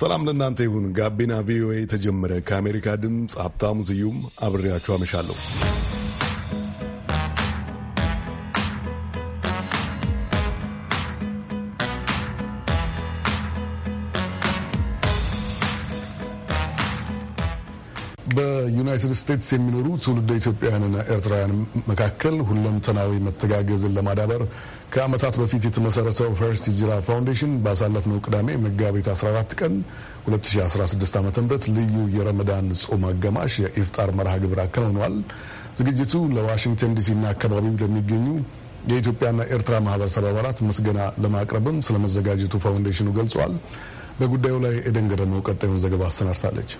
ሰላም ለእናንተ ይሁን። ጋቢና ቪኦኤ የተጀመረ ከአሜሪካ ድምፅ ሀብታሙ ስዩም አብሬያችሁ አመሻለሁ። በዩናይትድ ስቴትስ የሚኖሩ ትውልደ ኢትዮጵያውያንና ኤርትራውያን መካከል ሁለንተናዊ መተጋገዝን ለማዳበር ከዓመታት በፊት የተመሰረተው ፈርስት ሂጅራ ፋውንዴሽን ባሳለፍነው ቅዳሜ መጋቢት 14 ቀን 2016 ዓ ም ልዩ የረመዳን ጾም አጋማሽ የኢፍጣር መርሃ ግብር አከናውኗል። ዝግጅቱ ለዋሽንግተን ዲሲና አካባቢው ለሚገኙ የኢትዮጵያና ኤርትራ ማህበረሰብ አባላት መስገና ለማቅረብም ስለመዘጋጀቱ ፋውንዴሽኑ ገልጿል። በጉዳዩ ላይ ኤደን ገረመው ቀጣዩን ዘገባ አሰናድታለች።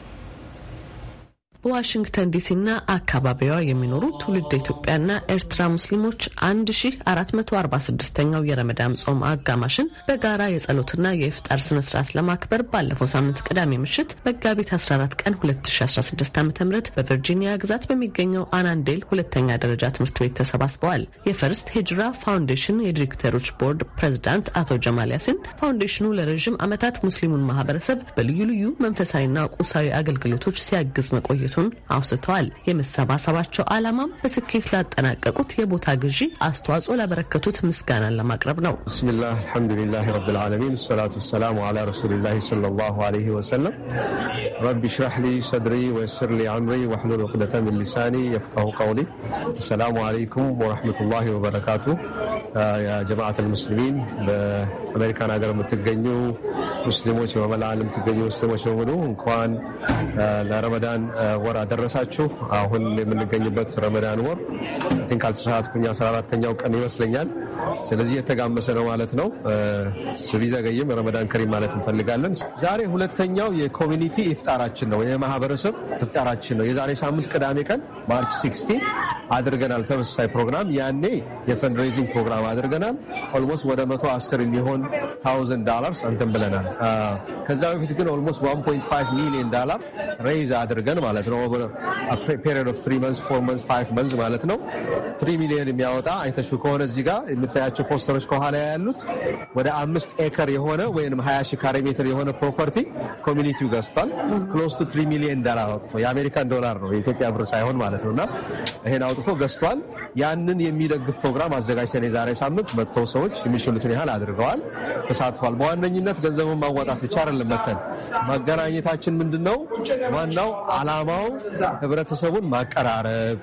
በዋሽንግተን ዲሲና አካባቢዋ የሚኖሩ ትውልድ ኢትዮጵያና ኤርትራ ሙስሊሞች 1446ኛው የረመዳን ጾም አጋማሽን በጋራ የጸሎትና የፍጣር ስነ ስርዓት ለማክበር ባለፈው ሳምንት ቅዳሜ ምሽት መጋቢት 14 ቀን 2016 ዓ ም በቨርጂኒያ ግዛት በሚገኘው አናንዴል ሁለተኛ ደረጃ ትምህርት ቤት ተሰባስበዋል። የፈርስት ሂጅራ ፋውንዴሽን የዲሬክተሮች ቦርድ ፕሬዚዳንት አቶ ጀማል ያሲን ፋውንዴሽኑ ለረዥም ዓመታት ሙስሊሙን ማህበረሰብ በልዩ ልዩ መንፈሳዊና ቁሳዊ አገልግሎቶች ሲያግዝ መቆየቱ ውጤቱን አውስተዋል። የመሰባሰባቸው ዓላማም በስኬት ላጠናቀቁት የቦታ ግዢ አስተዋጽኦ ላበረከቱት ምስጋናን ለማቅረብ ነው። ብስሚላ አልሐምዱሊላህ ረብልዓለሚን ሰላቱ ወሰላሙ አላ ረሱሊላ ሰለላሁ አለይሂ ወሰለም ረቢ ሽራህ ሊ ሰድሪ ወየስር ሊ አምሪ ወሕሉል ዑቅደተ ምን ሊሳኒ የፍቃሁ ቀውሊ። አሰላሙ አለይኩም ወረሕመቱላሂ ወበረካቱ። የጀማዓት አልሙስሊሚን በአሜሪካን ሀገር የምትገኙ ሙስሊሞች በመላ የምትገኙ ሙስሊሞች በሙሉ እንኳን ለረመዳን ወር አደረሳችሁ። አሁን የምንገኝበት ረመዳን ወር ቲንክ አልተሳሳትኩኝ አስራ አራተኛው ቀን ይመስለኛል። ስለዚህ የተጋመሰ ነው ማለት ነው። ቢዘገይም ረመዳን ከሪም ማለት እንፈልጋለን። ዛሬ ሁለተኛው የኮሚኒቲ ኢፍጣራችን ነው፣ የማህበረሰብ ኢፍጣራችን ነው። የዛሬ ሳምንት ቅዳሜ ቀን ማርች 16 አድርገናል ተመሳሳይ ፕሮግራም። ያኔ የፈንድሬዚንግ ፕሮግራም አድርገናል። ኦልሞስት ወደ 110 የሚሆን ታውዘንድ ዳላርስ እንትን ብለናል። ከዛ በፊት ግን ኦልሞስት 1.5 ሚሊዮን ዳላር ሬይዝ አድርገን ማለት ነው ፔሪድ ኦፍ ትሪ መንዝ ፎር መንዝ ፋይቭ መንዝ ማለት ነው። ትሪ ሚሊዮን የሚያወጣ አይተሹ ከሆነ እዚህ ጋር የምታያቸው ፖስተሮች ከኋላ ያሉት ወደ አምስት ኤከር የሆነ ወይም ሀያ ሺ ካሬ ሜትር የሆነ ፕሮፐርቲ ኮሚኒቲው ገዝቷል። ክሎስ ቱ ትሪ ሚሊዮን ዶላር የአሜሪካን ዶላር ነው የኢትዮጵያ ብር ሳይሆን ማለት ነው እና ይሄን አውጥቶ ገዝቷል። ያንን የሚደግፍ ፕሮግራም አዘጋጅተን የዛሬ ሳምንት መጥተው ሰዎች የሚችሉትን ያህል አድርገዋል፣ ተሳትፏል። በዋነኝነት ገንዘቡን ማዋጣት ብቻ አይደለም። መተን መገናኘታችን ምንድን ነው ዋናው አላማው ህብረተሰቡን ማቀራረብ፣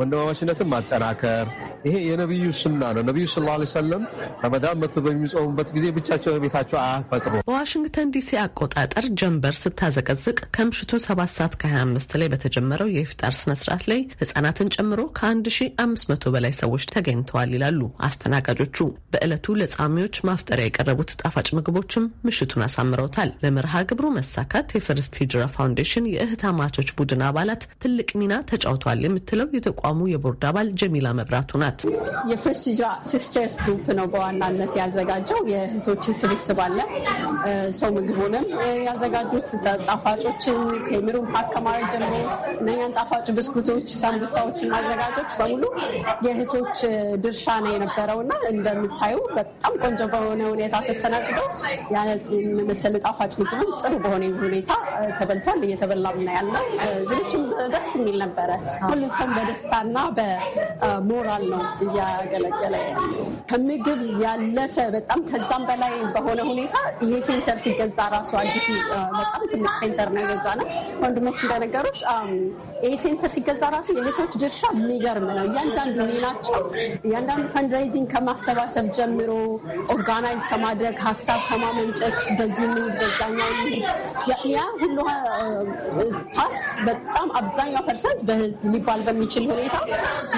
ወንድማማችነትን ማጠናከር ይሄ የነቢዩ ሱና ነው። ነቢዩ ስ ላ ሰለም ረመዳን መቶ በሚጾሙበት ጊዜ ብቻቸው ቤታቸው አያፈጥሩ። በዋሽንግተን ዲሲ አቆጣጠር ጀንበር ስታዘቀዝቅ ከምሽቱ 7 ሰዓት ከ25 ላይ በተጀመረው የኢፍጣር ስነስርዓት ላይ ህጻናትን ጨምሮ ከ1500 በላይ ሰዎች ተገኝተዋል ይላሉ አስተናጋጆቹ። በዕለቱ ለጻሚዎች ማፍጠሪያ የቀረቡት ጣፋጭ ምግቦችም ምሽቱን አሳምረውታል። ለመርሃ ግብሩ መሳካት የፈርስት ሂጅራ ፋውንዴሽን የእህታማቾች ቡድን አባላት ትልቅ ሚና ተጫውተዋል የምትለው የተቋሙ የቦርድ አባል ጀሚላ መብራቱ ናት። ናት። የፈርስት ሂጅራ ሲስተርስ ግሩፕ ነው በዋናነት ያዘጋጀው። የእህቶች ስብስብ አለ። ሰው ምግቡንም ያዘጋጁት ጣፋጮችን ቴምሩን ፓክ ጀምሮ እነኛን ጣፋጭ ብስኩቶች፣ ሳንብሳዎችን ማዘጋጀት በሙሉ የእህቶች ድርሻ ነው የነበረው እና እንደምታዩ በጣም ቆንጆ በሆነ ሁኔታ ተስተናግዶ መሰል ጣፋጭ ምግብም ጥሩ በሆነ ሁኔታ ተበልቷል። እየተበላም ነው ያለው። ዝግጅቱም ደስ የሚል ነበረ። ሁሉ ሰው በደስታና በሞራል ነው እያገለገለ ያለው ከምግብ ያለፈ በጣም ከዛም በላይ በሆነ ሁኔታ ይሄ ሴንተር ሲገዛ ራሱ አዲስ በጣም ትልቅ ሴንተር ነው የገዛ ነው። ወንድሞች እንደነገሩት ይሄ ሴንተር ሲገዛ ራሱ የእህቶች ድርሻ የሚገርም ነው። እያንዳንዱ ሚናቸው እያንዳንዱ ፈንድራይዚንግ ከማሰባሰብ ጀምሮ ኦርጋናይዝ ከማድረግ ሀሳብ ከማመንጨት በዚህ በዛኛው ያ ሁሉ ታስክ በጣም አብዛኛው ፐርሰንት ሊባል በሚችል ሁኔታ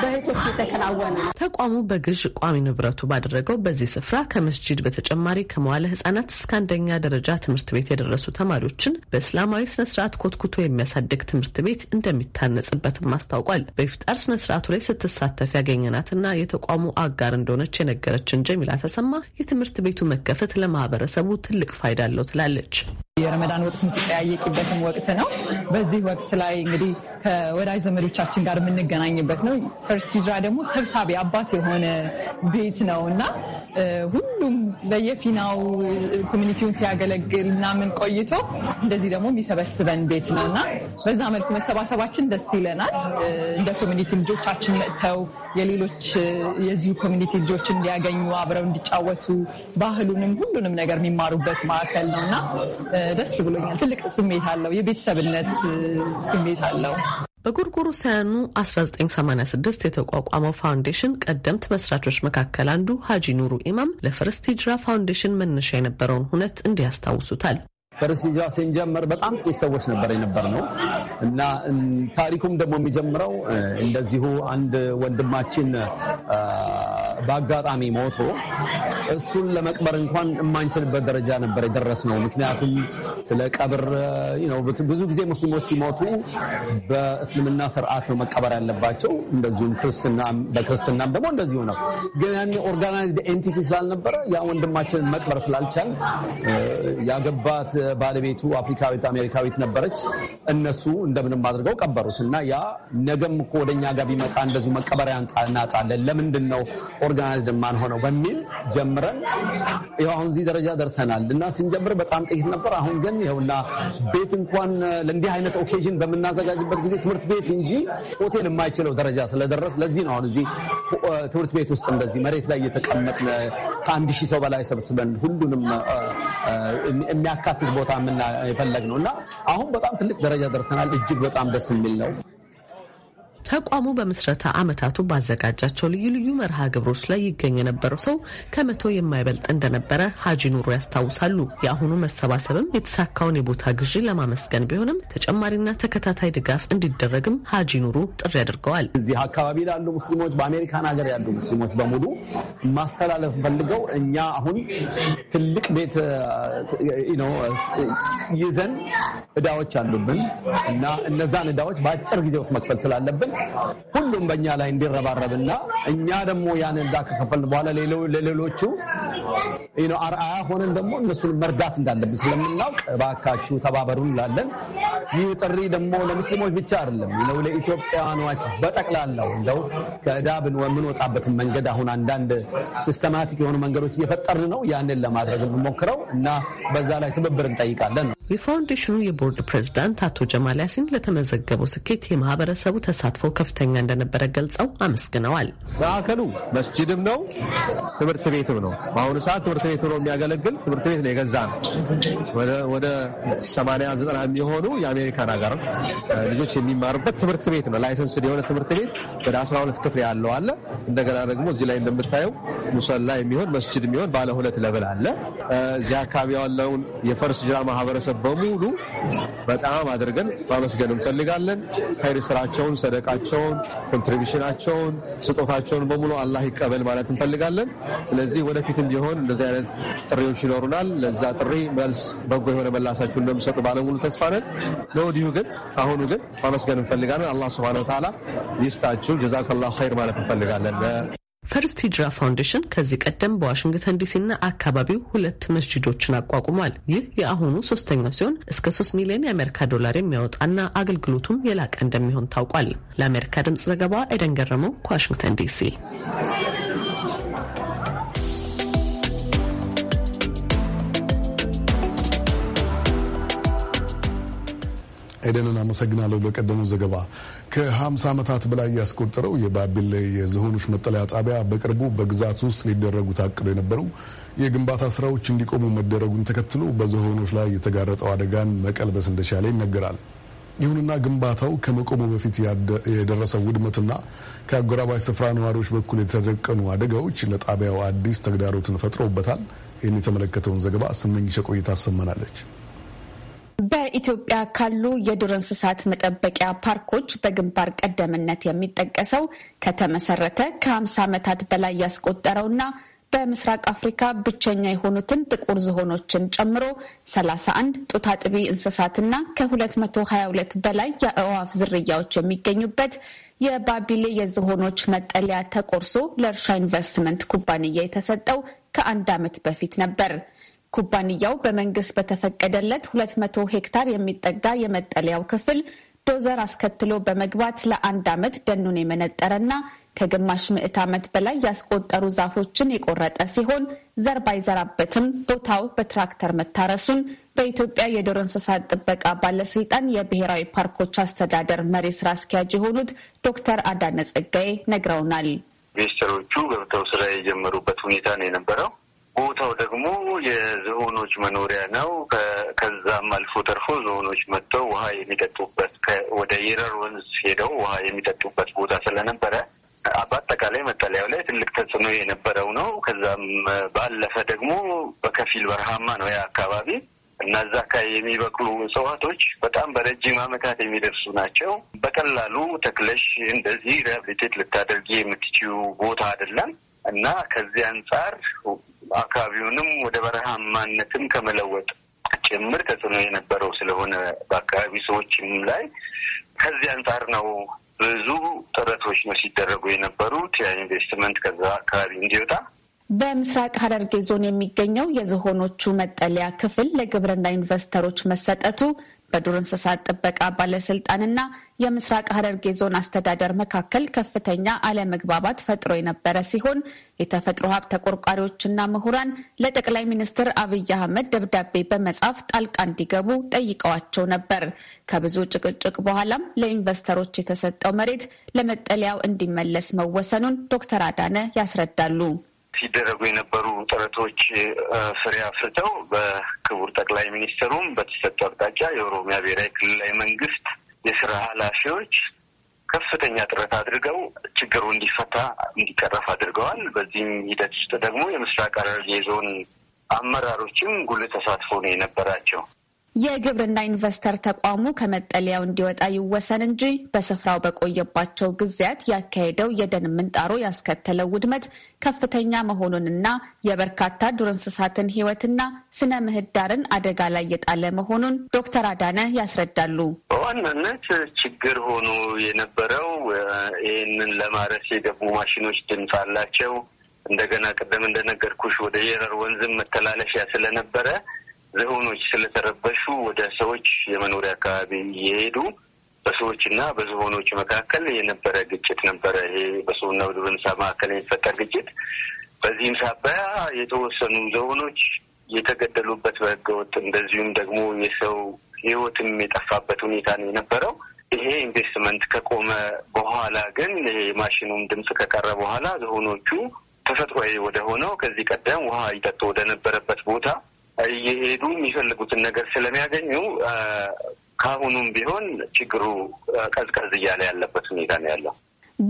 በእህቶች የተከናወነ ተቋሙ በግዥ ቋሚ ንብረቱ ባደረገው በዚህ ስፍራ ከመስጂድ በተጨማሪ ከመዋለ ህጻናት እስከ አንደኛ ደረጃ ትምህርት ቤት የደረሱ ተማሪዎችን በእስላማዊ ስነስርዓት ኮትኩቶ የሚያሳድግ ትምህርት ቤት እንደሚታነጽበትም አስታውቋል። በኢፍጣር ስነስርዓቱ ላይ ስትሳተፍ ያገኘናትና የተቋሙ አጋር እንደሆነች የነገረችን ጀሚላ ተሰማ የትምህርት ቤቱ መከፈት ለማህበረሰቡ ትልቅ ፋይዳ አለው ትላለች። የረመዳን ወቅት የምትጠያየቂበትም ወቅት ነው። በዚህ ወቅት ላይ እንግዲህ ከወዳጅ ዘመዶቻችን ጋር የምንገናኝበት ነው። ፈርስት ሂጅራ ደግሞ ሰብሳቢ አባት የሆነ ቤት ነው እና ሁሉም በየፊናው ኮሚኒቲውን ሲያገለግል ምናምን ቆይቶ እንደዚህ ደግሞ የሚሰበስበን ቤት ነው እና በዛ መልኩ መሰባሰባችን ደስ ይለናል። እንደ ኮሚኒቲ ልጆቻችን መጥተው የሌሎች የዚሁ ኮሚኒቲ ልጆች እንዲያገኙ አብረው እንዲጫወቱ ባህሉንም ሁሉንም ነገር የሚማሩበት ማዕከል ነው እና ደስ ብሎኛል። ትልቅ ስሜት አለው፣ የቤተሰብነት ስሜት አለው። ሳያኑ 1986 የተቋቋመው ፋውንዴሽን ቀደምት መስራቾች መካከል አንዱ ሀጂ ኑሩ ኢማም ለፈርስት ሂጅራ ፋውንዴሽን መነሻ የነበረውን ሁነት እንዲያስታውሱታል። በደረጃ ስንጀምር በጣም ጥቂት ሰዎች ነበር የነበር ነው እና ታሪኩም ደግሞ የሚጀምረው እንደዚሁ አንድ ወንድማችን በአጋጣሚ ሞቶ እሱን ለመቅበር እንኳን የማንችልበት ደረጃ ነበር የደረስ ነው። ምክንያቱም ስለ ቀብር ብዙ ጊዜ ሙስሊሞች ሲሞቱ በእስልምና ስርዓት ነው መቀበር ያለባቸው፣ እንደዚሁም በክርስትናም ደግሞ እንደዚሁ ነው። ግን ያኔ ኦርጋናይዝድ ኤንቲቲ ስላልነበረ ያ ወንድማችንን መቅበር ስላልቻል ያገባት ባለቤቱ አፍሪካዊት አሜሪካዊት ነበረች። እነሱ እንደምንም አድርገው ቀበሩት እና ያ ነገም እኮ ወደኛ ጋር ቢመጣ እንደዚሁ መቀበሪያ እናጣለን፣ ለምንድን ነው ኦርጋናይዝድ ማን ሆነው በሚል ጀምረን ይኸው አሁን እዚህ ደረጃ ደርሰናል። እና ስንጀምር በጣም ጥቂት ነበር። አሁን ግን ይኸውና ቤት እንኳን ለእንዲህ አይነት ኦኬዥን በምናዘጋጅበት ጊዜ ትምህርት ቤት እንጂ ሆቴል የማይችለው ደረጃ ስለደረስ ለዚህ ነው አሁን እዚህ ትምህርት ቤት ውስጥ እንደዚህ መሬት ላይ እየተቀመጥን ከአንድ ሺህ ሰው በላይ ሰብስበን ሁሉንም የሚያካትት ቦታ የፈለግ ነው እና አሁን በጣም ትልቅ ደረጃ ደርሰናል። እጅግ በጣም ደስ የሚል ነው። ተቋሙ በምስረታ ዓመታቱ ባዘጋጃቸው ልዩ ልዩ መርሃ ግብሮች ላይ ይገኝ የነበረው ሰው ከመቶ የማይበልጥ እንደነበረ ሀጂ ኑሮ ያስታውሳሉ። የአሁኑ መሰባሰብም የተሳካውን የቦታ ግዢ ለማመስገን ቢሆንም ተጨማሪና ተከታታይ ድጋፍ እንዲደረግም ሀጂ ኑሩ ጥሪ አድርገዋል። እዚህ አካባቢ ላሉ ሙስሊሞች፣ በአሜሪካን ሀገር ያሉ ሙስሊሞች በሙሉ ማስተላለፍ ፈልገው እኛ አሁን ትልቅ ቤት ይዘን እዳዎች አሉብን እና እነዛን እዳዎች በአጭር ጊዜ ውስጥ መክፈል ስላለብን ሁሉም በእኛ ላይ እንዲረባረብና እኛ ደግሞ ያን እዳ ከከፈልን በኋላ ለሌሎቹ አርአያ ሆነን ደግሞ እነሱን መርዳት እንዳለብን ስለምናውቅ እባካችሁ ተባበሩ እንላለን። ይህ ጥሪ ደግሞ ለሙስሊሞች ብቻ አይደለም፣ ነው ለኢትዮጵያኖች በጠቅላላው እንደው ከእዳ የምንወጣበትን መንገድ አሁን አንዳንድ ሲስተማቲክ የሆኑ መንገዶች እየፈጠርን ነው። ያንን ለማድረግ የምንሞክረው እና በዛ ላይ ትብብር እንጠይቃለን ነው የፋውንዴሽኑ የቦርድ ፕሬዝዳንት አቶ ጀማል ያሲን ለተመዘገበው ስኬት የማህበረሰቡ ተሳትፎ ከፍተኛ እንደነበረ ገልጸው አመስግነዋል። ማዕከሉ መስጅድም ነው፣ ትምህርት ቤትም ነው። በአሁኑ ሰዓት ትምህርት ቤት ሆኖ የሚያገለግል ትምህርት ቤት ነው የገዛ ነው። ወደ ሰማንያ ዘጠና የሚሆኑ የአሜሪካን ሀገር ልጆች የሚማሩበት ትምህርት ቤት ነው። ላይሰንስ የሆነ ትምህርት ቤት ወደ 12 ክፍል ያለው አለ። እንደገና ደግሞ እዚህ ላይ እንደምታየው ሙሰላ የሚሆን መስጅድ የሚሆን ባለ ሁለት ለብል አለ። እዚህ አካባቢ ያለውን የፈርስ ጅራ ማህበረሰብ በሙሉ በጣም አድርገን ማመስገን እንፈልጋለን። ኸይር ስራቸውን፣ ሰደቃቸውን፣ ኮንትሪቢሽናቸውን፣ ስጦታቸውን በሙሉ አላህ ይቀበል ማለት እንፈልጋለን። ስለዚህ ወደፊትም ቢሆን እንደዚህ አይነት ጥሪዎች ይኖሩናል። ለዛ ጥሪ መልስ በጎ የሆነ መላሳችሁ እንደሚሰጡ ባለሙሉ ተስፋ ነን። ለወዲሁ ግን አሁኑ ግን ማመስገን እንፈልጋለን። አላህ ስብሃነ ወተዓላ ይስጣችሁ። ጀዛከላሁ ኸይር ማለት እንፈልጋለን። ፈርስት ሂጅራ ፋውንዴሽን ከዚህ ቀደም በዋሽንግተን ዲሲና አካባቢው ሁለት መስጂዶችን አቋቁሟል። ይህ የአሁኑ ሶስተኛው ሲሆን እስከ ሶስት ሚሊዮን የአሜሪካ ዶላር የሚያወጣና አገልግሎቱም የላቀ እንደሚሆን ታውቋል። ለአሜሪካ ድምጽ ዘገባ ኤደን ገረመው ከዋሽንግተን ዲሲ ኤደንን አመሰግናለሁ ለቀደመው ዘገባ። ከ50 ዓመታት በላይ ያስቆጠረው የባቢሌ የዝሆኖች መጠለያ ጣቢያ በቅርቡ በግዛት ውስጥ ሊደረጉ ታቅዶ የነበሩ የግንባታ ስራዎች እንዲቆሙ መደረጉን ተከትሎ በዝሆኖች ላይ የተጋረጠው አደጋን መቀልበስ እንደቻለ ይነገራል። ይሁንና ግንባታው ከመቆሙ በፊት የደረሰው ውድመትና ከአጎራባች ስፍራ ነዋሪዎች በኩል የተደቀኑ አደጋዎች ለጣቢያው አዲስ ተግዳሮትን ፈጥረውበታል። ይህን የተመለከተውን ዘገባ ስመኝሸ ቆይታ አሰመናለች። በኢትዮጵያ ካሉ የዱር እንስሳት መጠበቂያ ፓርኮች በግንባር ቀደምነት የሚጠቀሰው ከተመሰረተ ከ50 ዓመታት በላይ ያስቆጠረውና በምስራቅ አፍሪካ ብቸኛ የሆኑትን ጥቁር ዝሆኖችን ጨምሮ 31 ጡት አጥቢ እንስሳትና ከ222 በላይ የአዕዋፍ ዝርያዎች የሚገኙበት የባቢሌ የዝሆኖች መጠለያ ተቆርሶ ለእርሻ ኢንቨስትመንት ኩባንያ የተሰጠው ከአንድ ዓመት በፊት ነበር። ኩባንያው በመንግስት በተፈቀደለት 200 ሄክታር የሚጠጋ የመጠለያው ክፍል ዶዘር አስከትሎ በመግባት ለአንድ ዓመት ደኑን የመነጠረና ከግማሽ ምዕት ዓመት በላይ ያስቆጠሩ ዛፎችን የቆረጠ ሲሆን ዘር ባይዘራበትም ቦታው በትራክተር መታረሱን በኢትዮጵያ የዱር እንስሳት ጥበቃ ባለስልጣን የብሔራዊ ፓርኮች አስተዳደር መሪ ስራ አስኪያጅ የሆኑት ዶክተር አዳነ ጸጋዬ ነግረውናል። ኢንቨስተሮቹ ገብተው ስራ የጀመሩበት ሁኔታ ነው የነበረው። ቦታው ደግሞ የዝሆኖች መኖሪያ ነው። ከዛም አልፎ ተርፎ ዝሆኖች መጥተው ውሃ የሚጠጡበት ወደ የረር ወንዝ ሄደው ውሃ የሚጠጡበት ቦታ ስለነበረ በአጠቃላይ መጠለያው ላይ ትልቅ ተጽዕኖ የነበረው ነው። ከዛም ባለፈ ደግሞ በከፊል በረሃማ ነው ያ አካባቢ እና እዛ አካባቢ የሚበቅሉ እጽዋቶች በጣም በረጅም ዓመታት የሚደርሱ ናቸው። በቀላሉ ተክለሽ እንደዚህ ሪሃብሊቴት ልታደርጊ የምትችዩ ቦታ አይደለም እና ከዚህ አንጻር አካባቢውንም ወደ በረሃማነትም ከመለወጥ ጭምር ተጽዕኖ የነበረው ስለሆነ በአካባቢ ሰዎችም ላይ ከዚህ አንጻር ነው ብዙ ጥረቶች ነው ሲደረጉ የነበሩት ኢንቨስትመንት ከዛ አካባቢ እንዲወጣ። በምስራቅ ሐረርጌ ዞን የሚገኘው የዝሆኖቹ መጠለያ ክፍል ለግብርና ኢንቨስተሮች መሰጠቱ በዱር እንስሳት ጥበቃ ባለስልጣንና የምስራቅ ሐረርጌ ዞን አስተዳደር መካከል ከፍተኛ አለመግባባት ፈጥሮ የነበረ ሲሆን የተፈጥሮ ሀብት ተቆርቋሪዎችና ምሁራን ለጠቅላይ ሚኒስትር አብይ አህመድ ደብዳቤ በመጻፍ ጣልቃ እንዲገቡ ጠይቀዋቸው ነበር። ከብዙ ጭቅጭቅ በኋላም ለኢንቨስተሮች የተሰጠው መሬት ለመጠለያው እንዲመለስ መወሰኑን ዶክተር አዳነ ያስረዳሉ። ሲደረጉ የነበሩ ጥረቶች ፍሬ አፍርተው በክቡር ጠቅላይ ሚኒስትሩም በተሰጡ አቅጣጫ የኦሮሚያ ብሔራዊ ክልላዊ መንግስት የስራ ኃላፊዎች ከፍተኛ ጥረት አድርገው ችግሩ እንዲፈታ እንዲቀረፍ አድርገዋል። በዚህም ሂደት ውስጥ ደግሞ የምስራቅ ሐረርጌ ዞን አመራሮችም ጉልህ ተሳትፎ ነው የነበራቸው። የግብርና ኢንቨስተር ተቋሙ ከመጠለያው እንዲወጣ ይወሰን እንጂ በስፍራው በቆየባቸው ጊዜያት ያካሄደው የደን ምንጣሮ ያስከተለው ውድመት ከፍተኛ መሆኑንና የበርካታ ዱር እንስሳትን ሕይወትና ስነ ምህዳርን አደጋ ላይ የጣለ መሆኑን ዶክተር አዳነ ያስረዳሉ። በዋናነት ችግር ሆኖ የነበረው ይህንን ለማረስ የገቡ ማሽኖች ድምፅ አላቸው። እንደገና ቅደም እንደነገርኩሽ ወደ የረር ወንዝም መተላለፊያ ስለነበረ ዝሆኖች ስለተረበሹ ወደ ሰዎች የመኖሪያ አካባቢ እየሄዱ በሰዎች እና በዝሆኖች መካከል የነበረ ግጭት ነበረ። ይሄ በሰውና በዱር እንስሳ መካከል የሚፈጠር ግጭት። በዚህም ሳቢያ የተወሰኑ ዝሆኖች የተገደሉበት በህገወጥ እንደዚሁም ደግሞ የሰው ህይወትም የጠፋበት ሁኔታ ነው የነበረው። ይሄ ኢንቨስትመንት ከቆመ በኋላ ግን ይሄ ማሽኑም ድምፅ ከቀረ በኋላ ዝሆኖቹ ተፈጥሯዊ ወደ ሆነው ከዚህ ቀደም ውሃ ይጠጡ ወደ ነበረበት ቦታ እየሄዱ የሚፈልጉትን ነገር ስለሚያገኙ ከአሁኑም ቢሆን ችግሩ ቀዝቀዝ እያለ ያለበት ሁኔታ ነው ያለው።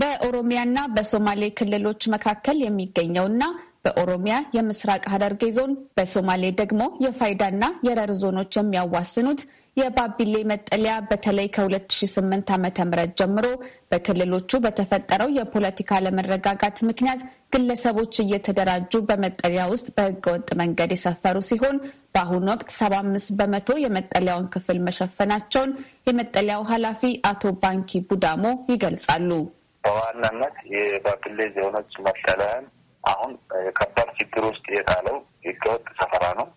በኦሮሚያና በሶማሌ ክልሎች መካከል የሚገኘውና በኦሮሚያ የምስራቅ ሐረርጌ ዞን በሶማሌ ደግሞ የፋይዳና የረር ዞኖች የሚያዋስኑት የባቢሌ መጠለያ በተለይ ከ2008 ዓ ም ጀምሮ በክልሎቹ በተፈጠረው የፖለቲካ አለመረጋጋት ምክንያት ግለሰቦች እየተደራጁ በመጠለያ ውስጥ በህገወጥ መንገድ የሰፈሩ ሲሆን በአሁኑ ወቅት 75 በመቶ የመጠለያውን ክፍል መሸፈናቸውን የመጠለያው ኃላፊ አቶ ባንኪ ቡዳሞ ይገልጻሉ። በዋናነት የባቢሌ ዞኖች መጠለያን አሁን ከባድ ችግር ውስጥ የጣለው ህገወጥ ሰፈራ ነው።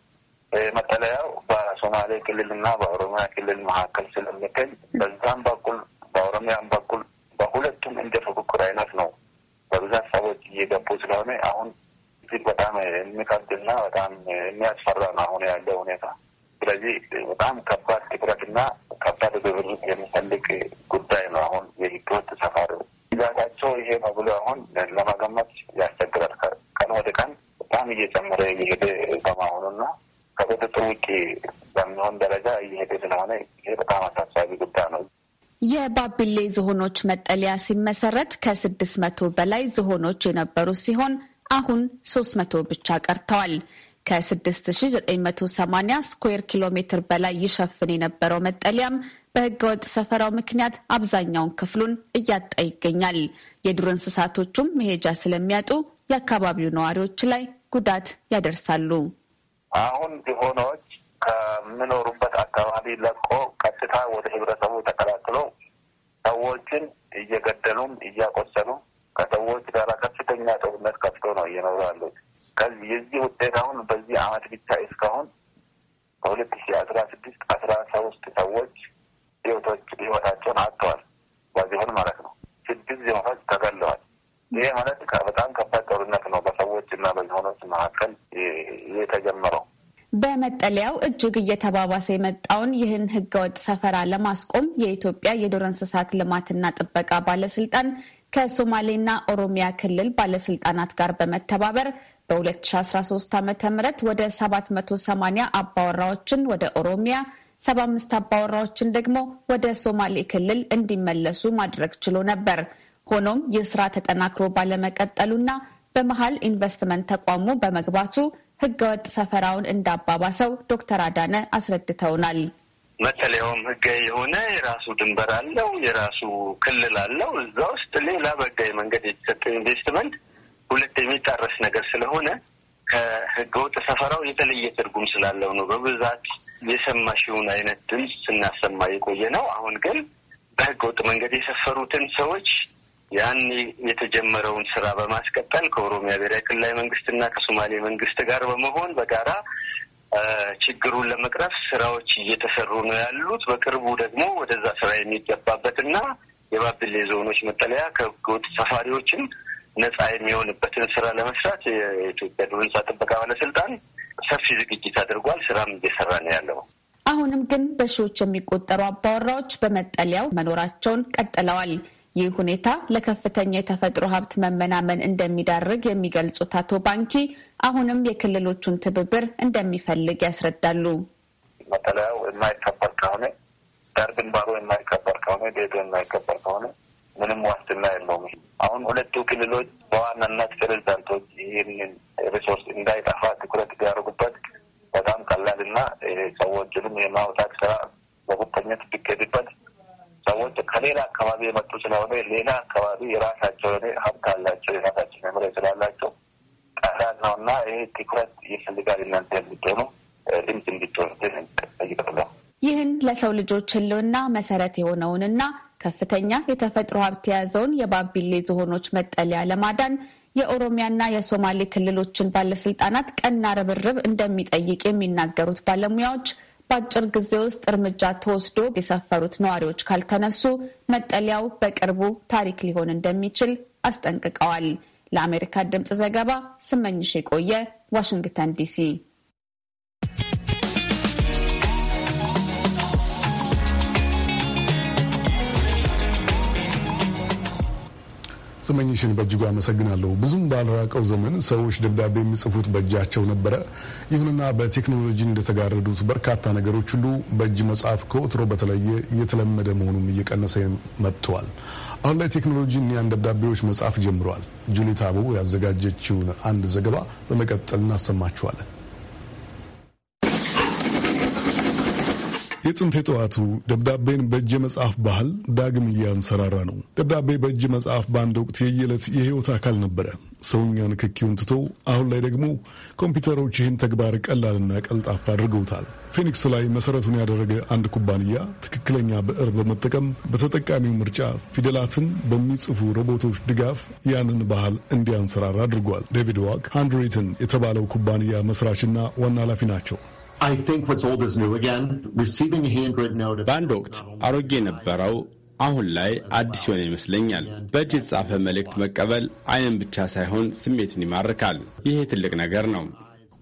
መጠለያው በሶማሌ ክልልና በኦሮሚያ ክልል መካከል ስለሚገኝ በዛም በኩል በኦሮሚያም በኩል በሁለቱም እንደ ፉክክር አይነት ነው። በብዛት ሰዎች እየገቡ ስለሆነ አሁን እዚህ በጣም የሚከብድና በጣም የሚያስፈራ ነው አሁን ያለው ሁኔታ። ስለዚህ በጣም ከባድ ትኩረትና ከባድ ግብር የሚፈልግ ጉዳይ ነው። አሁን የህገወጥ ሰፋሪ ብዛታቸው ይሄ ነው ብሎ አሁን ለመገመት ያስቸግራል። ቀን ወደ ቀን በጣም እየጨመረ እየሄደ በመሆኑና ከቁጥጥር ውጭ በሚሆን ደረጃ እየሄደ ስለሆነ ይሄ በጣም አሳሳቢ ጉዳይ ነው። የባቢሌ ዝሆኖች መጠለያ ሲመሰረት ከስድስት መቶ በላይ ዝሆኖች የነበሩ ሲሆን አሁን ሶስት መቶ ብቻ ቀርተዋል። ከ6980 ስኩዌር ኪሎ ሜትር በላይ ይሸፍን የነበረው መጠለያም በህገወጥ ሰፈራው ምክንያት አብዛኛውን ክፍሉን እያጣ ይገኛል። የዱር እንስሳቶቹም መሄጃ ስለሚያጡ የአካባቢው ነዋሪዎች ላይ ጉዳት ያደርሳሉ። አሁን ዝሆኖች ከምኖሩበት አካባቢ ለቆ ቀጥታ ወደ ህብረተሰቡ ተቀላቅሎ ሰዎችን እየገደሉም እያቆሰሉ ከሰዎች ጋር ከፍተኛ ጦርነት ከፍቶ ነው እየኖሩ ያሉት። ከዚህ የዚህ ውጤት አሁን በዚህ አመት ብቻ እስካሁን ከሁለት ሺ አስራ ስድስት አስራ ሶስት ሰዎች ህይወቶች ህይወታቸውን አጥተዋል። በዚሁን ማለት ነው ስድስት ዜሆኖች ተገለዋል። ይሄ ማለት በጣም ከባድ ጦርነት ነው። በሀገሮችና በዝሆኖች መካከል የተጀመረው። በመጠለያው እጅግ እየተባባሰ የመጣውን ይህን ህገወጥ ሰፈራ ለማስቆም የኢትዮጵያ የዱር እንስሳት ልማትና ጥበቃ ባለስልጣን ከሶማሌና ኦሮሚያ ክልል ባለስልጣናት ጋር በመተባበር በ2013 ዓ ም ወደ 780 አባወራዎችን ወደ ኦሮሚያ፣ 75 አባወራዎችን ደግሞ ወደ ሶማሌ ክልል እንዲመለሱ ማድረግ ችሎ ነበር። ሆኖም ይህ ስራ ተጠናክሮ ባለመቀጠሉና በመሀል ኢንቨስትመንት ተቋሙ በመግባቱ ህገወጥ ሰፈራውን እንዳባባሰው ዶክተር አዳነ አስረድተውናል። መተለያውም ህጋዊ የሆነ የራሱ ድንበር አለው፣ የራሱ ክልል አለው። እዛ ውስጥ ሌላ በህጋዊ መንገድ የተሰጠ ኢንቨስትመንት ሁለት የሚጣረስ ነገር ስለሆነ ከህገወጥ ሰፈራው የተለየ ትርጉም ስላለው ነው። በብዛት የሰማሽውን አይነት ድምፅ ስናሰማ የቆየ ነው። አሁን ግን በህገወጥ መንገድ የሰፈሩትን ሰዎች ያን የተጀመረውን ስራ በማስቀጠል ከኦሮሚያ ብሔራዊ ክልላዊ መንግስትና ከሶማሌ መንግስት ጋር በመሆን በጋራ ችግሩን ለመቅረፍ ስራዎች እየተሰሩ ነው ያሉት። በቅርቡ ደግሞ ወደዛ ስራ የሚገባበትና የባቢሌ ዞኖች መጠለያ ከህገወጥ ሰፋሪዎችም ነጻ የሚሆንበትን ስራ ለመስራት የኢትዮጵያ ዱር እንስሳ ጥበቃ ባለስልጣን ሰፊ ዝግጅት አድርጓል። ስራም እየሰራ ነው ያለው። አሁንም ግን በሺዎች የሚቆጠሩ አባወራዎች በመጠለያው መኖራቸውን ቀጥለዋል። ይህ ሁኔታ ለከፍተኛ የተፈጥሮ ሀብት መመናመን እንደሚዳርግ የሚገልጹት አቶ ባንኪ አሁንም የክልሎቹን ትብብር እንደሚፈልግ ያስረዳሉ። መጠለያው የማይከበር ከሆነ ዳር ግንባሩ የማይከበር ከሆነ ዴዶ የማይከበር ከሆነ ምንም ዋስትና የለውም። አሁን ሁለቱ ክልሎች በዋናነት ፕሬዚዳንቶች ይህንን ሪሶርስ እንዳይጠፋ ትኩረት ቢያደርጉበት በጣም ቀላልና ሰዎችንም የማውጣት ስራ በቁጠኝነት ቢካሄድበት ሰዎች ከሌላ አካባቢ የመጡ ስለሆነ ሌላ አካባቢ የራሳቸው የሆነ ሀብት አላቸው፣ የራሳቸው ምረ ስላላቸው ቀላል ነው እና ይህ ትኩረት ይፈልጋል። እናንተ የምትሆኑ ድምፅ እንድትሆኑ ጠይቀለ ይህን ለሰው ልጆች ሕልውና መሰረት የሆነውንና ከፍተኛ የተፈጥሮ ሀብት የያዘውን የባቢሌ ዝሆኖች መጠለያ ለማዳን የኦሮሚያና የሶማሌ ክልሎችን ባለስልጣናት ቀና ርብርብ እንደሚጠይቅ የሚናገሩት ባለሙያዎች በአጭር ጊዜ ውስጥ እርምጃ ተወስዶ የሰፈሩት ነዋሪዎች ካልተነሱ መጠለያው በቅርቡ ታሪክ ሊሆን እንደሚችል አስጠንቅቀዋል። ለአሜሪካ ድምፅ ዘገባ ስመኝሽ የቆየ ዋሽንግተን ዲሲ። ስመኝሽን በእጅጉ አመሰግናለሁ። ብዙም ባልራቀው ዘመን ሰዎች ደብዳቤ የሚጽፉት በእጃቸው ነበረ። ይሁንና በቴክኖሎጂ እንደተጋረዱት በርካታ ነገሮች ሁሉ በእጅ መጽሐፍ ከወትሮ በተለየ እየተለመደ መሆኑም እየቀነሰ መጥተዋል። አሁን ላይ ቴክኖሎጂ እኒያን ደብዳቤዎች መጻፍ ጀምረዋል። ጁሊታቦ ያዘጋጀችውን አንድ ዘገባ በመቀጠል እናሰማችኋለን። የጥንት የጠዋቱ ደብዳቤን በእጅ መጽሐፍ ባህል ዳግም እያንሰራራ ነው። ደብዳቤ በእጅ መጽሐፍ በአንድ ወቅት የየዕለት የሕይወት አካል ነበረ። ሰውኛ ንክኪውን ትቶ አሁን ላይ ደግሞ ኮምፒውተሮች ይህን ተግባር ቀላልና ቀልጣፋ አድርገውታል። ፌኒክስ ላይ መሰረቱን ያደረገ አንድ ኩባንያ ትክክለኛ ብዕር በመጠቀም በተጠቃሚው ምርጫ ፊደላትን በሚጽፉ ሮቦቶች ድጋፍ ያንን ባህል እንዲያንሰራራ አድርጓል። ዴቪድ ዋክ ሃንድሪትን የተባለው ኩባንያ መስራችና ዋና ኃላፊ ናቸው። በአንድ ወቅት አሮጌ የነበረው አሁን ላይ አዲስ የሆነ ይመስለኛል። በእጅ የተጻፈ መልእክት መቀበል ዓይንን ብቻ ሳይሆን ስሜትን ይማርካል። ይሄ ትልቅ ነገር ነው።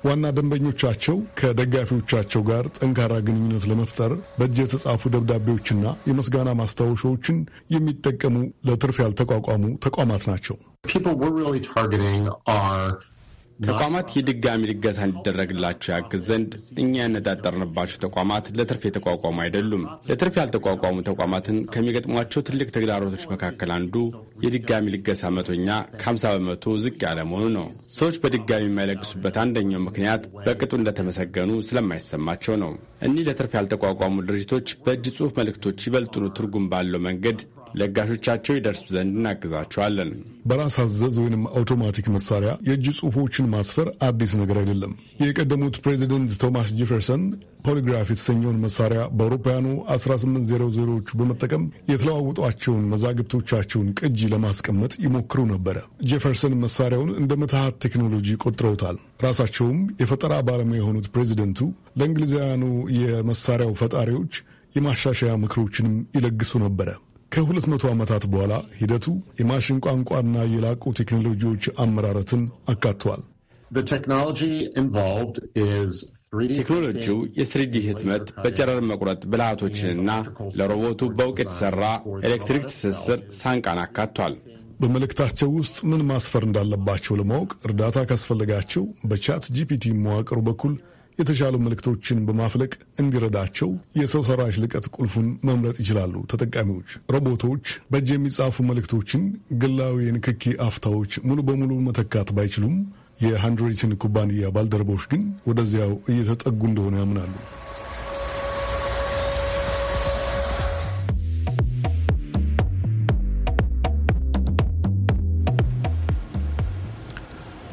ዋና ደንበኞቻቸው ከደጋፊዎቻቸው ጋር ጠንካራ ግንኙነት ለመፍጠር በእጅ የተጻፉ ደብዳቤዎችና የምስጋና ማስታወሻዎችን የሚጠቀሙ ለትርፍ ያልተቋቋሙ ተቋማት ናቸው። ተቋማት የድጋሚ ልገሳ እንዲደረግላቸው ያግዝ ዘንድ እኛ ያነጣጠርንባቸው ተቋማት ለትርፍ የተቋቋሙ አይደሉም። ለትርፍ ያልተቋቋሙ ተቋማትን ከሚገጥሟቸው ትልቅ ተግዳሮቶች መካከል አንዱ የድጋሚ ልገሳ መቶኛ ከ50 በመቶ ዝቅ ያለ መሆኑ ነው። ሰዎች በድጋሚ የማይለግሱበት አንደኛው ምክንያት በቅጡ እንደተመሰገኑ ስለማይሰማቸው ነው። እኒህ ለትርፍ ያልተቋቋሙ ድርጅቶች በእጅ ጽሑፍ መልእክቶች ይበልጡኑ ትርጉም ባለው መንገድ ለጋሾቻቸው ይደርሱ ዘንድ እናግዛቸዋለን። በራስ አዘዝ ወይንም አውቶማቲክ መሳሪያ የእጅ ጽሁፎችን ማስፈር አዲስ ነገር አይደለም። የቀደሙት ፕሬዚደንት ቶማስ ጄፈርሰን ፖሊግራፍ የተሰኘውን መሳሪያ በአውሮፓውያኑ 1800ዎቹ በመጠቀም የተለዋውጧቸውን መዛግብቶቻቸውን ቅጂ ለማስቀመጥ ይሞክሩ ነበረ። ጄፈርሰን መሳሪያውን እንደ መትሃት ቴክኖሎጂ ቆጥረውታል። ራሳቸውም የፈጠራ ባለሙያ የሆኑት ፕሬዚደንቱ ለእንግሊዛውያኑ የመሳሪያው ፈጣሪዎች የማሻሻያ ምክሮችንም ይለግሱ ነበረ። ከሁለት መቶ ዓመታት በኋላ ሂደቱ የማሽን ቋንቋና የላቁ ቴክኖሎጂዎች አመራረትን አካቷል። ቴክኖሎጂው የስሪዲ ህትመት በጨረር መቁረጥ ብልሃቶችንና ለሮቦቱ በውቅ የተሠራ ኤሌክትሪክ ትስስር ሳንቃን አካቷል። በመልእክታቸው ውስጥ ምን ማስፈር እንዳለባቸው ለማወቅ እርዳታ ካስፈለጋቸው በቻት ጂፒቲ መዋቅሩ በኩል የተሻሉ ምልክቶችን በማፍለቅ እንዲረዳቸው የሰው ሰራሽ ልቀት ቁልፉን መምረጥ ይችላሉ። ተጠቃሚዎች ሮቦቶች በእጅ የሚጻፉ ምልክቶችን ግላዊ የንክኪ አፍታዎች ሙሉ በሙሉ መተካት ባይችሉም የሃንድሬትን ኩባንያ ባልደረቦች ግን ወደዚያው እየተጠጉ እንደሆነ ያምናሉ።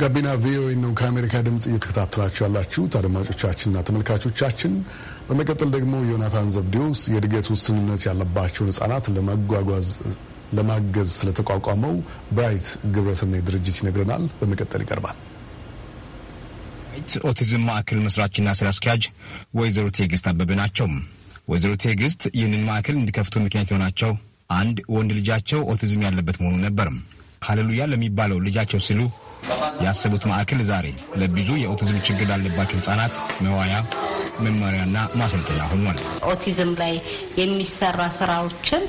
ጋቢና ቪኦኤ ነው ከአሜሪካ ድምፅ እየተከታተላችሁ ያላችሁት አድማጮቻችንና ተመልካቾቻችን። በመቀጠል ደግሞ ዮናታን ዘብዴዎስ የእድገት ውስንነት ያለባቸውን ህጻናት ለመጓጓዝ ለማገዝ ስለተቋቋመው ብራይት ግብረሰናይ ድርጅት ይነግረናል። በመቀጠል ይቀርባል። ኦቲዝም ማዕከል መስራችና ስራ አስኪያጅ ወይዘሮ ቴግስት አበበ ናቸው። ወይዘሮ ቴግስት ይህንን ማዕከል እንዲከፍቱ ምክንያት የሆናቸው አንድ ወንድ ልጃቸው ኦቲዝም ያለበት መሆኑ ነበርም። ሀሌሉያ ለሚባለው ልጃቸው ሲሉ ያሰቡት ማዕከል ዛሬ ለብዙ የኦቲዝም ችግር ላለባቸው ህጻናት መዋያ መማሪያና ማሰልጠኛ ሆኗል። ኦቲዝም ላይ የሚሰራ ስራዎችን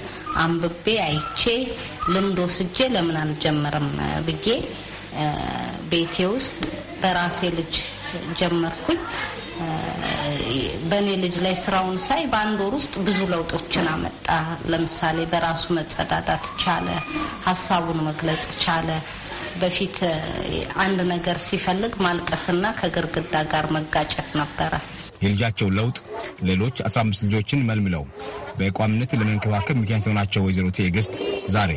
አንብቤ አይቼ ልምድ ወስጄ ለምን አልጀመርም ብዬ ቤቴ ውስጥ በራሴ ልጅ ጀመርኩኝ። በእኔ ልጅ ላይ ስራውን ሳይ በአንድ ወር ውስጥ ብዙ ለውጦችን አመጣ። ለምሳሌ በራሱ መጸዳዳት ቻለ፣ ሀሳቡን መግለጽ ቻለ። በፊት አንድ ነገር ሲፈልግ ማልቀስና ከግርግዳ ጋር መጋጨት ነበረ። የልጃቸው ለውጥ ሌሎች 15 ልጆችን መልምለው በቋምነት ለመንከባከብ ምክንያት የሆናቸው ወይዘሮ ትዕግስት ዛሬ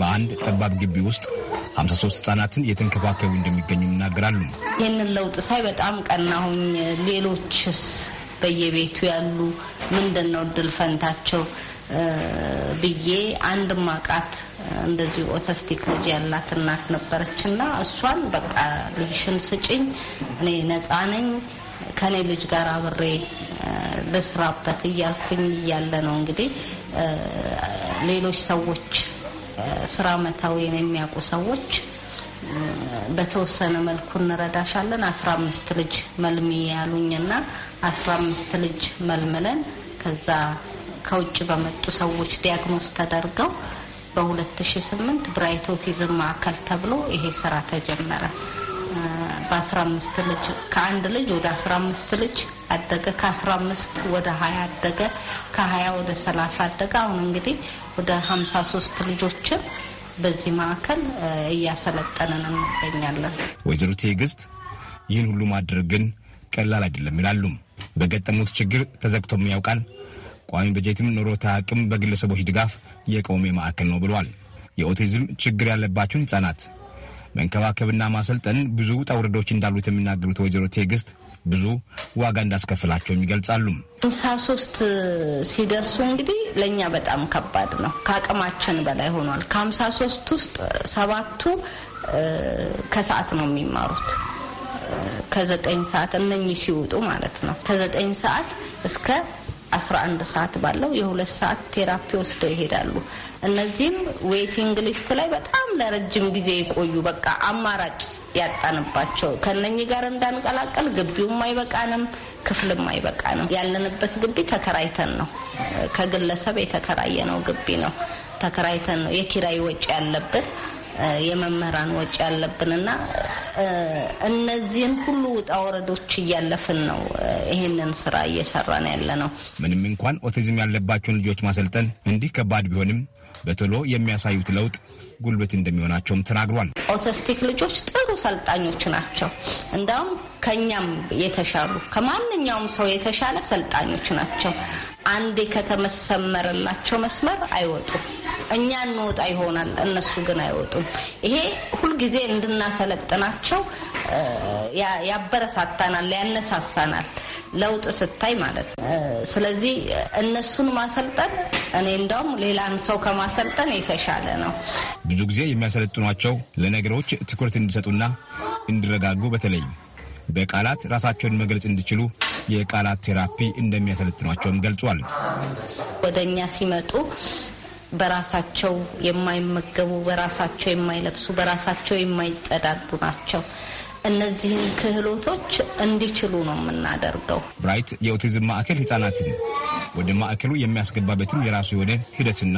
በአንድ ጠባብ ግቢ ውስጥ 53 ህጻናትን እየተንከባከቡ እንደሚገኙ ይናገራሉ። ይህንን ለውጥ ሳይ በጣም ቀናሁኝ። ሌሎችስ በየቤቱ ያሉ ምንድን ነው እድል ፈንታቸው? ብዬ አንድ ማቃት እንደዚሁ ኦተስቲክ ልጅ ያላት እናት ነበረች እና እሷን በቃ ልጅሽን ስጭኝ፣ እኔ ነፃ ነኝ፣ ከእኔ ልጅ ጋር አብሬ ልስራበት እያልኩኝ እያለ ነው እንግዲህ ሌሎች ሰዎች ስራ መታዊን የሚያውቁ ሰዎች በተወሰነ መልኩ እንረዳሻለን አስራ አምስት ልጅ መልሚ ያሉኝና አስራ አምስት ልጅ መልምለን ከዛ ከውጭ በመጡ ሰዎች ዲያግኖስ ተደርገው በ2008 ብራይት ኦቲዝም ማዕከል ተብሎ ይሄ ስራ ተጀመረ። በ15 ልጅ ከአንድ ልጅ ወደ 15 ልጅ አደገ። ከ15 ወደ 20 አደገ። ከ20 ወደ 30 አደገ። አሁን እንግዲህ ወደ 53 ልጆችን በዚህ ማዕከል እያሰለጠንን እንገኛለን። ወይዘሮ ትዕግስት ይህን ሁሉ ማድረግ ግን ቀላል አይደለም ይላሉም። በገጠሙት ችግር ተዘግቶም ያውቃል። ቋሚ በጀትም ኖሮት አያውቅም። በግለሰቦች ድጋፍ የቆመ ማዕከል ነው ብሏል። የኦቲዝም ችግር ያለባቸውን ህጻናት መንከባከብና ማሰልጠን ብዙ ውጣ እንዳሉት የሚናገሩት ወይዘሮ ቴግስት ብዙ ዋጋ እንዳስከፍላቸውም ይገልጻሉ። ሃምሳ ሶስት ሲደርሱ እንግዲህ ለእኛ በጣም ከባድ ነው። ከአቅማችን በላይ ሆኗል። ከሃምሳ ሶስት ውስጥ ሰባቱ ከሰዓት ነው የሚማሩት ከዘጠኝ ሰዓት እነኚህ ሲወጡ ማለት ነው ከዘጠኝ ሰዓት እስከ አስራ አንድ ሰዓት ባለው የሁለት ሰዓት ቴራፒ ወስደው ይሄዳሉ። እነዚህም ዌይቲንግ ሊስት ላይ በጣም ለረጅም ጊዜ የቆዩ በቃ አማራጭ ያጣንባቸው ከነኚህ ጋር እንዳንቀላቀል ግቢውም አይበቃንም፣ ክፍልም አይበቃንም። ያለንበት ግቢ ተከራይተን ነው፣ ከግለሰብ የተከራየነው ግቢ ነው። ተከራይተን ነው የኪራይ ወጪ ያለብን የመምህራን ወጪ ያለብንና እነዚህን ሁሉ ውጣ ወረዶች እያለፍን ነው ይህንን ስራ እየሰራን ያለ ነው። ምንም እንኳን ኦቲዝም ያለባቸውን ልጆች ማሰልጠን እንዲህ ከባድ ቢሆንም በቶሎ የሚያሳዩት ለውጥ ጉልበት እንደሚሆናቸውም ተናግሯል። ኦቲስቲክ ልጆች ጥሩ ሰልጣኞች ናቸው። እንዳውም ከእኛም የተሻሉ ከማንኛውም ሰው የተሻለ ሰልጣኞች ናቸው። አንዴ ከተመሰመረላቸው መስመር አይወጡም። እኛ እንወጣ ይሆናል፣ እነሱ ግን አይወጡም። ይሄ ሁልጊዜ እንድናሰለጥናቸው ያበረታታናል፣ ያነሳሳናል ለውጥ ስታይ ማለት ነው። ስለዚህ እነሱን ማሰልጠን እኔ እንደውም ሌላን ሰው ከማሰልጠን የተሻለ ነው። ብዙ ጊዜ የሚያሰለጥኗቸው ለነገሮች ትኩረት እንዲሰጡና እንዲረጋጉ በተለይም በቃላት ራሳቸውን መግለጽ እንዲችሉ የቃላት ቴራፒ እንደሚያሰለጥኗቸውም ገልጿል። ወደ እኛ ሲመጡ በራሳቸው የማይመገቡ፣ በራሳቸው የማይለብሱ፣ በራሳቸው የማይጸዳዱ ናቸው። እነዚህን ክህሎቶች እንዲችሉ ነው የምናደርገው። ብራይት የኦቲዝም ማዕከል ህጻናትን ወደ ማዕከሉ የሚያስገባበትም የራሱ የሆነ ሂደትና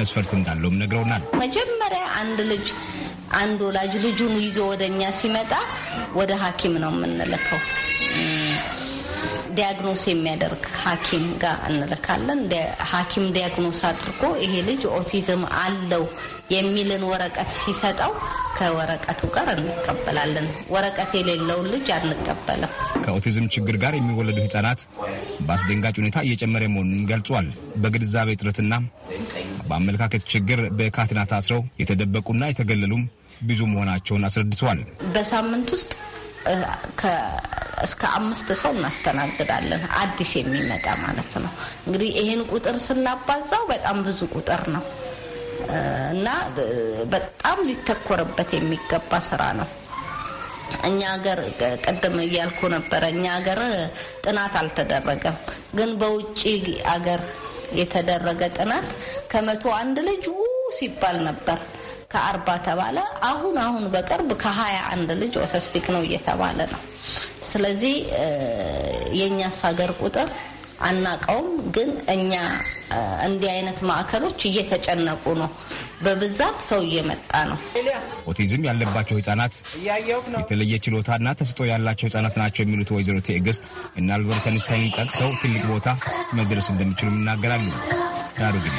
መስፈርት እንዳለውም ነግረውናል። መጀመሪያ አንድ ልጅ አንድ ወላጅ ልጁን ይዞ ወደ እኛ ሲመጣ ወደ ሐኪም ነው የምንልከው ዲያግኖስ የሚያደርግ ሐኪም ጋር እንልካለን። ሐኪም ዲያግኖስ አድርጎ ይሄ ልጅ ኦቲዝም አለው የሚልን ወረቀት ሲሰጠው ከወረቀቱ ጋር እንቀበላለን። ወረቀት የሌለውን ልጅ አንቀበልም። ከኦቲዝም ችግር ጋር የሚወለዱ ህጻናት በአስደንጋጭ ሁኔታ እየጨመረ መሆኑን ገልጿል። በግንዛቤ እጥረትና በአመለካከት ችግር በካቴና ታስረው የተደበቁና የተገለሉም ብዙ መሆናቸውን አስረድተዋል። በሳምንት ውስጥ እስከ አምስት ሰው እናስተናግዳለን። አዲስ የሚመጣ ማለት ነው። እንግዲህ ይህን ቁጥር ስናባዛው በጣም ብዙ ቁጥር ነው እና በጣም ሊተኮርበት የሚገባ ስራ ነው። እኛ ሀገር ቀደም እያልኩ ነበረ፣ እኛ ሀገር ጥናት አልተደረገም። ግን በውጭ ሀገር የተደረገ ጥናት ከመቶ አንድ ልጅ ሲባል ነበር ከአርባ ተባለ። አሁን አሁን በቅርብ ከሀያ አንድ ልጅ ኦተስቲክ ነው እየተባለ ነው። ስለዚህ የእኛስ ሀገር ቁጥር አናቀውም፣ ግን እኛ እንዲህ አይነት ማዕከሎች እየተጨነቁ ነው። በብዛት ሰው እየመጣ ነው። ኦቲዝም ያለባቸው ህጻናት የተለየ ችሎታ ችሎታና ተስጦ ያላቸው ህጻናት ናቸው የሚሉት ወይዘሮ ትዕግስት እና አልበርት አንስታይንን ጠቅሰው ትልቅ ቦታ መድረስ እንደሚችሉ ይናገራሉ። ዳሩ ግን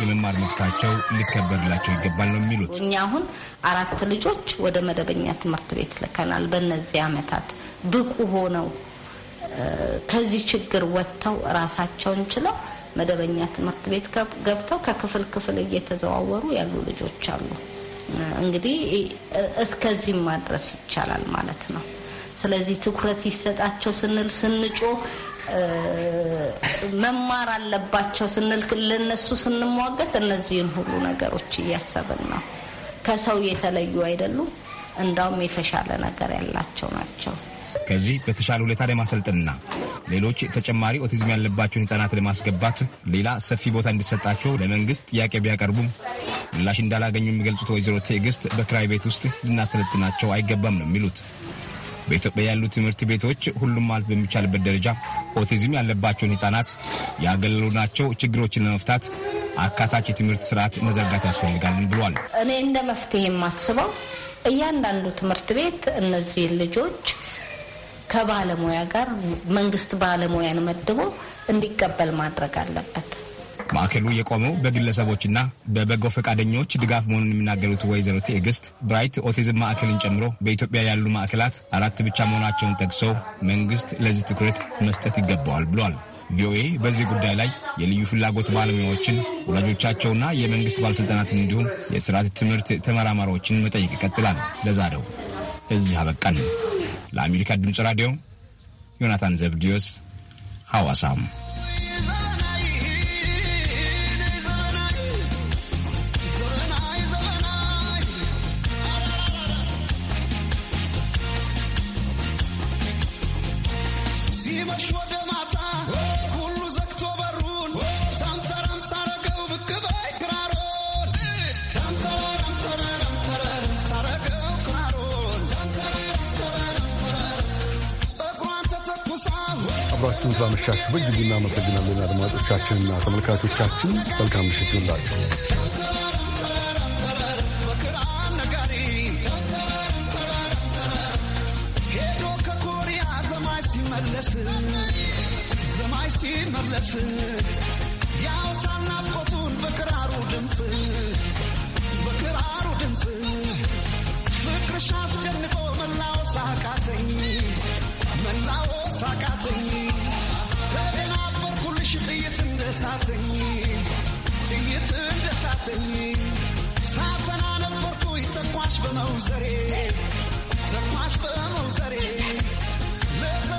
የመማር መብታቸው ሊከበርላቸው ይገባል ነው የሚሉት። እኛ አሁን አራት ልጆች ወደ መደበኛ ትምህርት ቤት ልከናል። በእነዚህ ዓመታት ብቁ ሆነው ከዚህ ችግር ወጥተው ራሳቸውን ችለው መደበኛ ትምህርት ቤት ገብተው ከክፍል ክፍል እየተዘዋወሩ ያሉ ልጆች አሉ። እንግዲህ እስከዚህም ማድረስ ይቻላል ማለት ነው። ስለዚህ ትኩረት ይሰጣቸው ስንል ስንጮህ መማር አለባቸው ስንል ለነሱ ስንሟገት እነዚህን ሁሉ ነገሮች እያሰብን ነው። ከሰው የተለዩ አይደሉም። እንዳውም የተሻለ ነገር ያላቸው ናቸው። ከዚህ በተሻለ ሁኔታ ለማሰልጥንና ሌሎች ተጨማሪ ኦቲዝም ያለባቸውን ህጻናት ለማስገባት ሌላ ሰፊ ቦታ እንዲሰጣቸው ለመንግስት ጥያቄ ቢያቀርቡም ምላሽ እንዳላገኙ የሚገልጹት ወይዘሮ ትዕግስት በክራይ ቤት ውስጥ ልናሰለጥናቸው አይገባም ነው የሚሉት። በኢትዮጵያ ያሉ ትምህርት ቤቶች ሁሉም ማለት በሚቻልበት ደረጃ ኦቲዝም ያለባቸውን ህጻናት ያገለሉናቸው ችግሮችን ለመፍታት አካታች የትምህርት ስርዓት መዘርጋት ያስፈልጋልን ብሏል። እኔ እንደ መፍትሄ የማስበው እያንዳንዱ ትምህርት ቤት እነዚህ ልጆች ከባለሙያ ጋር መንግስት ባለሙያን መድቦ እንዲቀበል ማድረግ አለበት። ማዕከሉ የቆመው በግለሰቦችና በበጎ ፈቃደኞች ድጋፍ መሆኑን የሚናገሩት ወይዘሮ ትዕግስት ብራይት ኦቲዝም ማዕከልን ጨምሮ በኢትዮጵያ ያሉ ማዕከላት አራት ብቻ መሆናቸውን ጠቅሶ መንግስት ለዚህ ትኩረት መስጠት ይገባዋል ብሏል። ቪኦኤ በዚህ ጉዳይ ላይ የልዩ ፍላጎት ባለሙያዎችን፣ ወላጆቻቸውና የመንግስት ባለሥልጣናትን እንዲሁም የስርዓት ትምህርት ተመራማሪዎችን መጠየቅ ይቀጥላል። ለዛሬው እዚህ አበቃን። ለአሜሪካ ድምፅ ራዲዮ ዮናታን ዘብዲዮስ ሐዋሳም አብራችሁን ስላመሻችሁ በእጅጉ እናመሰግናለን። አድማጮቻችንና ተመልካቾቻችን መልካም ምሽት ይሁንላችሁ።